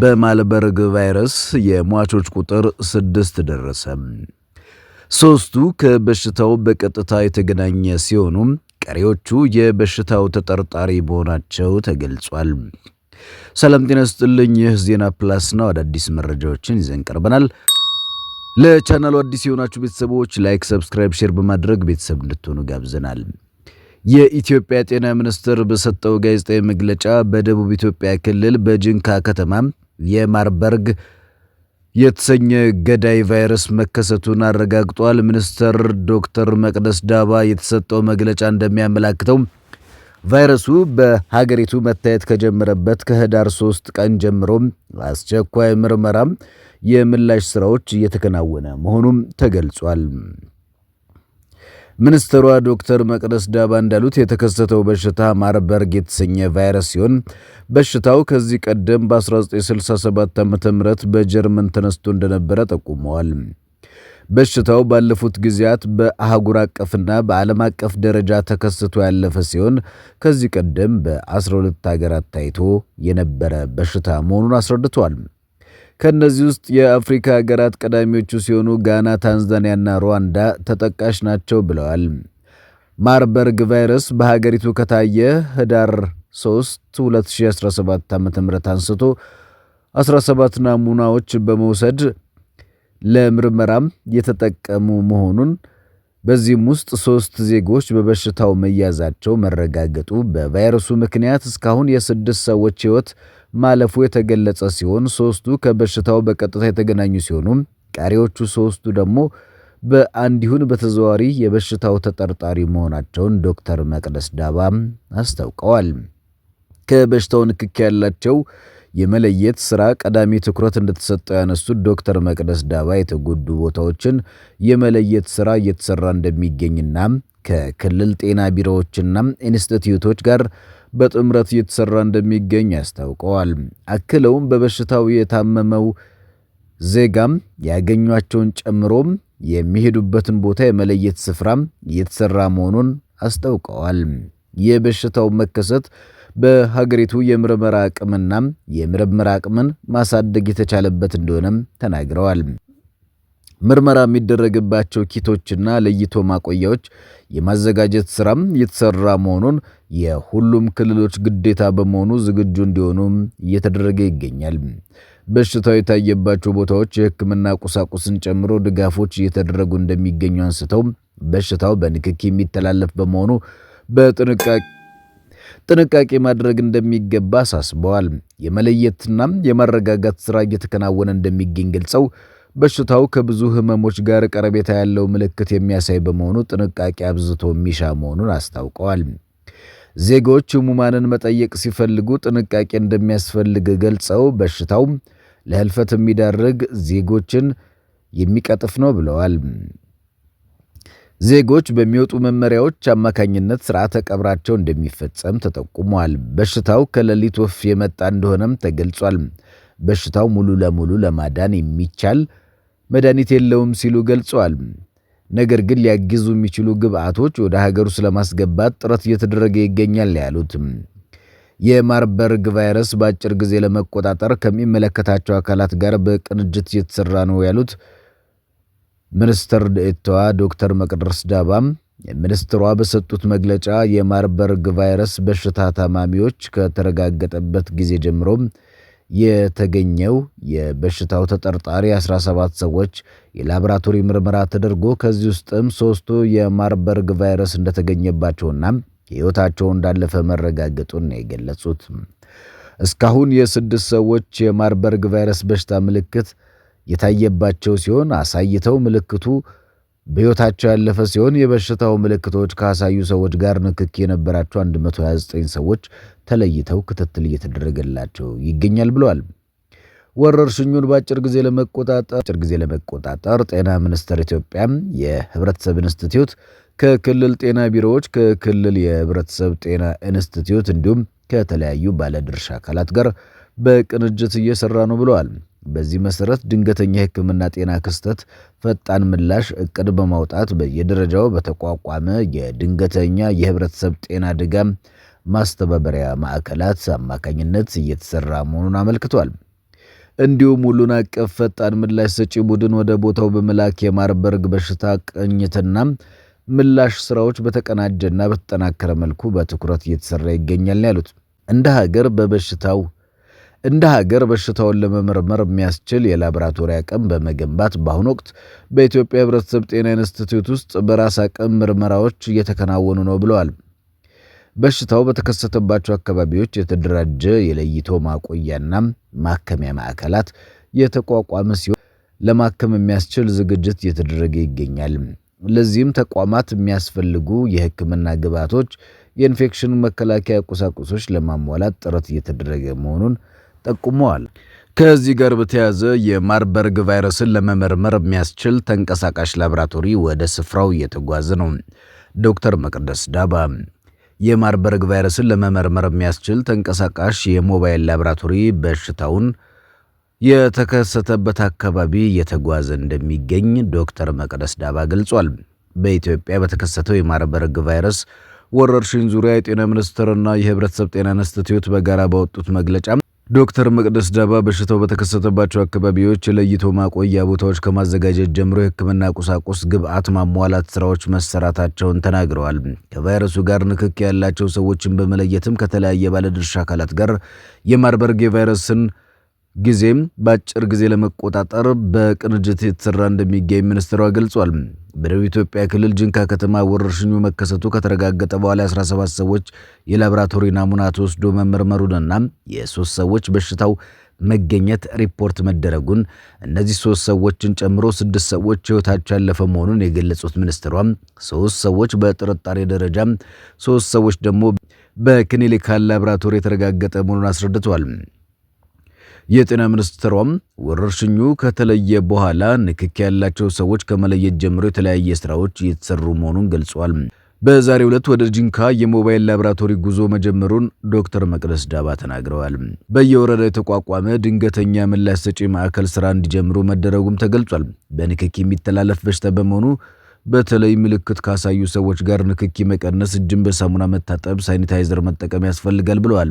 በማልበርግ ቫይረስ የሟቾች ቁጥር ስድስት ደረሰ። ሦስቱ ከበሽታው በቀጥታ የተገናኘ ሲሆኑ ቀሪዎቹ የበሽታው ተጠርጣሪ መሆናቸው ተገልጿል። ሰላም ጤና ስጥልኝ። ይህ ዜና ፕላስ ነው። አዳዲስ መረጃዎችን ይዘን ቀርበናል። ለቻናሉ አዲስ የሆናችሁ ቤተሰቦች ላይክ፣ ሰብስክራይብ፣ ሼር በማድረግ ቤተሰብ እንድትሆኑ ጋብዘናል። የኢትዮጵያ ጤና ሚኒስቴር በሰጠው ጋዜጣዊ መግለጫ በደቡብ ኢትዮጵያ ክልል በጅንካ ከተማ የማርበርግ የተሰኘ ገዳይ ቫይረስ መከሰቱን አረጋግጧል። ሚኒስትር ዶክተር መቅደስ ዳባ የተሰጠው መግለጫ እንደሚያመላክተው ቫይረሱ በሀገሪቱ መታየት ከጀመረበት ከህዳር ሶስት ቀን ጀምሮ አስቸኳይ ምርመራም የምላሽ ስራዎች እየተከናወነ መሆኑም ተገልጿል። ሚኒስትሯ ዶክተር መቅደስ ዳባ እንዳሉት የተከሰተው በሽታ ማርበርግ የተሰኘ ቫይረስ ሲሆን በሽታው ከዚህ ቀደም በ1967 ዓ ም በጀርመን ተነስቶ እንደነበረ ጠቁመዋል። በሽታው ባለፉት ጊዜያት በአህጉር አቀፍና በዓለም አቀፍ ደረጃ ተከስቶ ያለፈ ሲሆን ከዚህ ቀደም በ12 ሀገራት ታይቶ የነበረ በሽታ መሆኑን አስረድተዋል። ከእነዚህ ውስጥ የአፍሪካ ሀገራት ቀዳሚዎቹ ሲሆኑ ጋና፣ ታንዛኒያና ሩዋንዳ ተጠቃሽ ናቸው ብለዋል። ማርበርግ ቫይረስ በሀገሪቱ ከታየ ህዳር 3 2017 ዓ ም አንስቶ 17 ናሙናዎች በመውሰድ ለምርመራም የተጠቀሙ መሆኑን በዚህም ውስጥ ሶስት ዜጎች በበሽታው መያዛቸው መረጋገጡ በቫይረሱ ምክንያት እስካሁን የስድስት ሰዎች ሕይወት ማለፉ የተገለጸ ሲሆን ሶስቱ ከበሽታው በቀጥታ የተገናኙ ሲሆኑ ቀሪዎቹ ሶስቱ ደግሞ በአንዲሁን በተዘዋዋሪ የበሽታው ተጠርጣሪ መሆናቸውን ዶክተር መቅደስ ዳባ አስታውቀዋል። ከበሽታው ንክኪ ያላቸው የመለየት ስራ ቀዳሚ ትኩረት እንደተሰጠው ያነሱት ዶክተር መቅደስ ዳባ የተጎዱ ቦታዎችን የመለየት ስራ እየተሰራ እንደሚገኝና ከክልል ጤና ቢሮዎችና ኢንስቲትዩቶች ጋር በጥምረት እየተሰራ እንደሚገኝ አስታውቀዋል። አክለውም በበሽታው የታመመው ዜጋም ያገኟቸውን ጨምሮም የሚሄዱበትን ቦታ የመለየት ስፍራም እየተሰራ መሆኑን አስታውቀዋል። የበሽታው መከሰት በሀገሪቱ የምርመራ አቅምና የምርምር አቅምን ማሳደግ የተቻለበት እንደሆነም ተናግረዋል። ምርመራ የሚደረግባቸው ኪቶችና ለይቶ ማቆያዎች የማዘጋጀት ስራም የተሰራ መሆኑን የሁሉም ክልሎች ግዴታ በመሆኑ ዝግጁ እንዲሆኑም እየተደረገ ይገኛል። በሽታው የታየባቸው ቦታዎች የሕክምና ቁሳቁስን ጨምሮ ድጋፎች እየተደረጉ እንደሚገኙ አንስተው በሽታው በንክኪ የሚተላለፍ በመሆኑ በጥንቃቄ ጥንቃቄ ማድረግ እንደሚገባ አሳስበዋል። የመለየትና የማረጋጋት ስራ እየተከናወነ እንደሚገኝ ገልጸው በሽታው ከብዙ ህመሞች ጋር ቀረቤታ ያለው ምልክት የሚያሳይ በመሆኑ ጥንቃቄ አብዝቶ የሚሻ መሆኑን አስታውቀዋል። ዜጎች ህሙማንን መጠየቅ ሲፈልጉ ጥንቃቄ እንደሚያስፈልግ ገልጸው በሽታው ለህልፈት የሚዳርግ ዜጎችን የሚቀጥፍ ነው ብለዋል። ዜጎች በሚወጡ መመሪያዎች አማካኝነት ስርዓተ ቀብራቸው እንደሚፈጸም ተጠቁመዋል። በሽታው ከሌሊት ወፍ የመጣ እንደሆነም ተገልጿል። በሽታው ሙሉ ለሙሉ ለማዳን የሚቻል መድኃኒት የለውም ሲሉ ገልጸዋል። ነገር ግን ሊያግዙ የሚችሉ ግብአቶች ወደ ሀገር ውስጥ ለማስገባት ጥረት እየተደረገ ይገኛል ያሉት የማርበርግ ቫይረስ በአጭር ጊዜ ለመቆጣጠር ከሚመለከታቸው አካላት ጋር በቅንጅት እየተሰራ ነው ያሉት ሚኒስትር ዴኤታዋ ዶክተር መቅደስ ዳባም ሚኒስትሯ በሰጡት መግለጫ የማርበርግ ቫይረስ በሽታ ታማሚዎች ከተረጋገጠበት ጊዜ ጀምሮ የተገኘው የበሽታው ተጠርጣሪ 17 ሰዎች የላቦራቶሪ ምርመራ ተደርጎ ከዚህ ውስጥም ሶስቱ የማርበርግ ቫይረስ እንደተገኘባቸውና ሕይወታቸው እንዳለፈ መረጋገጡን ነው የገለጹት። እስካሁን የስድስት ሰዎች የማርበርግ ቫይረስ በሽታ ምልክት የታየባቸው ሲሆን አሳይተው ምልክቱ በሕይወታቸው ያለፈ ሲሆን የበሽታው ምልክቶች ካሳዩ ሰዎች ጋር ንክክ የነበራቸው 129 ሰዎች ተለይተው ክትትል እየተደረገላቸው ይገኛል ብለዋል። ወረርሽኙን በአጭር ጊዜ ለመቆጣጠር ጤና ሚኒስቴር ኢትዮጵያ የህብረተሰብ ኢንስቲትዩት ከክልል ጤና ቢሮዎች ከክልል የህብረተሰብ ጤና ኢንስቲትዩት እንዲሁም ከተለያዩ ባለድርሻ አካላት ጋር በቅንጅት እየሰራ ነው ብለዋል። በዚህ መሰረት ድንገተኛ ህክምና ጤና ክስተት ፈጣን ምላሽ እቅድ በማውጣት በየደረጃው በተቋቋመ የድንገተኛ የህብረተሰብ ጤና ድጋም ማስተባበሪያ ማዕከላት አማካኝነት እየተሰራ መሆኑን አመልክቷል። እንዲሁም ሁሉን አቀፍ ፈጣን ምላሽ ሰጪ ቡድን ወደ ቦታው በመላክ የማርበርግ በሽታ ቅኝትና ምላሽ ስራዎች በተቀናጀና በተጠናከረ መልኩ በትኩረት እየተሰራ ይገኛል ያሉት እንደ ሀገር በበሽታው እንደ ሀገር በሽታውን ለመመርመር የሚያስችል የላቦራቶሪ አቅም በመገንባት በአሁኑ ወቅት በኢትዮጵያ ሕብረተሰብ ጤና ኢንስቲትዩት ውስጥ በራስ አቅም ምርመራዎች እየተከናወኑ ነው ብለዋል። በሽታው በተከሰተባቸው አካባቢዎች የተደራጀ የለይቶ ማቆያና ማከሚያ ማዕከላት የተቋቋመ ሲሆን ለማከም የሚያስችል ዝግጅት እየተደረገ ይገኛል። ለዚህም ተቋማት የሚያስፈልጉ የሕክምና ግብዓቶች፣ የኢንፌክሽን መከላከያ ቁሳቁሶች ለማሟላት ጥረት እየተደረገ መሆኑን ጠቁመዋል። ከዚህ ጋር በተያያዘ የማርበርግ ቫይረስን ለመመርመር የሚያስችል ተንቀሳቃሽ ላብራቶሪ ወደ ስፍራው እየተጓዘ ነው። ዶክተር መቅደስ ዳባ የማርበርግ ቫይረስን ለመመርመር የሚያስችል ተንቀሳቃሽ የሞባይል ላብራቶሪ በሽታውን የተከሰተበት አካባቢ እየተጓዘ እንደሚገኝ ዶክተር መቅደስ ዳባ ገልጿል። በኢትዮጵያ በተከሰተው የማርበርግ ቫይረስ ወረርሽኝ ዙሪያ የጤና ሚኒስቴርና የህብረተሰብ ጤና ኢንስቲትዩት በጋራ ባወጡት መግለጫ ዶክተር መቅደስ ዳባ በሽታው በተከሰተባቸው አካባቢዎች የለይቶ ማቆያ ቦታዎች ከማዘጋጀት ጀምሮ የሕክምና ቁሳቁስ ግብዓት ማሟላት ስራዎች መሰራታቸውን ተናግረዋል። ከቫይረሱ ጋር ንክክ ያላቸው ሰዎችን በመለየትም ከተለያየ ባለድርሻ አካላት ጋር የማርበርግ የቫይረስን ጊዜም በአጭር ጊዜ ለመቆጣጠር በቅንጅት የተሰራ እንደሚገኝ ሚኒስትሯ ገልጿል። በደቡብ ኢትዮጵያ ክልል ጅንካ ከተማ ወረርሽኙ መከሰቱ ከተረጋገጠ በኋላ 17 ሰዎች የላብራቶሪ ናሙና ተወስዶ መመርመሩንና የሶስት ሰዎች በሽታው መገኘት ሪፖርት መደረጉን እነዚህ ሶስት ሰዎችን ጨምሮ ስድስት ሰዎች ህይወታቸው ያለፈ መሆኑን የገለጹት ሚኒስትሯም ሶስት ሰዎች በጥርጣሬ ደረጃ፣ ሶስት ሰዎች ደግሞ በክሊኒካል ላብራቶሪ የተረጋገጠ መሆኑን አስረድተዋል። የጤና ሚኒስትሯም ወረርሽኙ ከተለየ በኋላ ንክኪ ያላቸው ሰዎች ከመለየት ጀምሮ የተለያየ ስራዎች እየተሰሩ መሆኑን ገልጿል። በዛሬ ዕለት ወደ ጂንካ የሞባይል ላብራቶሪ ጉዞ መጀመሩን ዶክተር መቅደስ ዳባ ተናግረዋል። በየወረዳ የተቋቋመ ድንገተኛ ምላሽ ሰጪ ማዕከል ስራ እንዲጀምሩ መደረጉም ተገልጿል። በንክኪ የሚተላለፍ በሽታ በመሆኑ በተለይ ምልክት ካሳዩ ሰዎች ጋር ንክኪ መቀነስ፣ እጅን በሳሙና መታጠብ፣ ሳኒታይዘር መጠቀም ያስፈልጋል ብለዋል።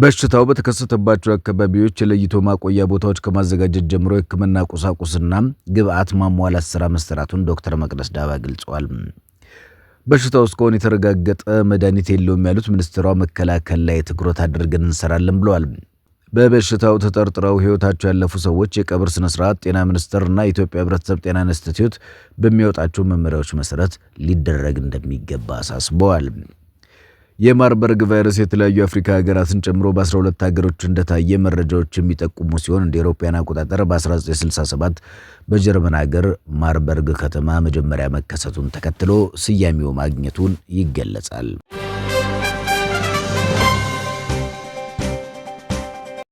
በሽታው በተከሰተባቸው አካባቢዎች የለይቶ ማቆያ ቦታዎች ከማዘጋጀት ጀምሮ የሕክምና ቁሳቁስና ግብአት ማሟላት ስራ መሰራቱን ዶክተር መቅደስ ዳባ ገልጸዋል። በሽታው እስካሁን የተረጋገጠ መድኃኒት የለውም ያሉት ሚኒስትሯ መከላከል ላይ ትኩረት አድርገን እንሰራለን ብለዋል። በበሽታው ተጠርጥረው ህይወታቸው ያለፉ ሰዎች የቀብር ስነስርዓት ጤና ሚኒስቴርና የኢትዮጵያ ህብረተሰብ ጤና ኢንስቲትዩት በሚያወጣቸው መመሪያዎች መሰረት ሊደረግ እንደሚገባ አሳስበዋል። የማርበርግ ቫይረስ የተለያዩ አፍሪካ ሀገራትን ጨምሮ በ12 ሀገሮች እንደታየ መረጃዎች የሚጠቁሙ ሲሆን እንደ አውሮፓውያን አቆጣጠር በ1967 በጀርመን ሀገር ማርበርግ ከተማ መጀመሪያ መከሰቱን ተከትሎ ስያሜው ማግኘቱን ይገለጻል።